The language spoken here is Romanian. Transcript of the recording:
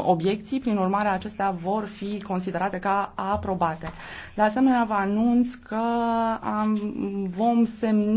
obiecții, prin urmare acestea vor fi considerate ca aprobate. De asemenea, vă anunț că am, vom semna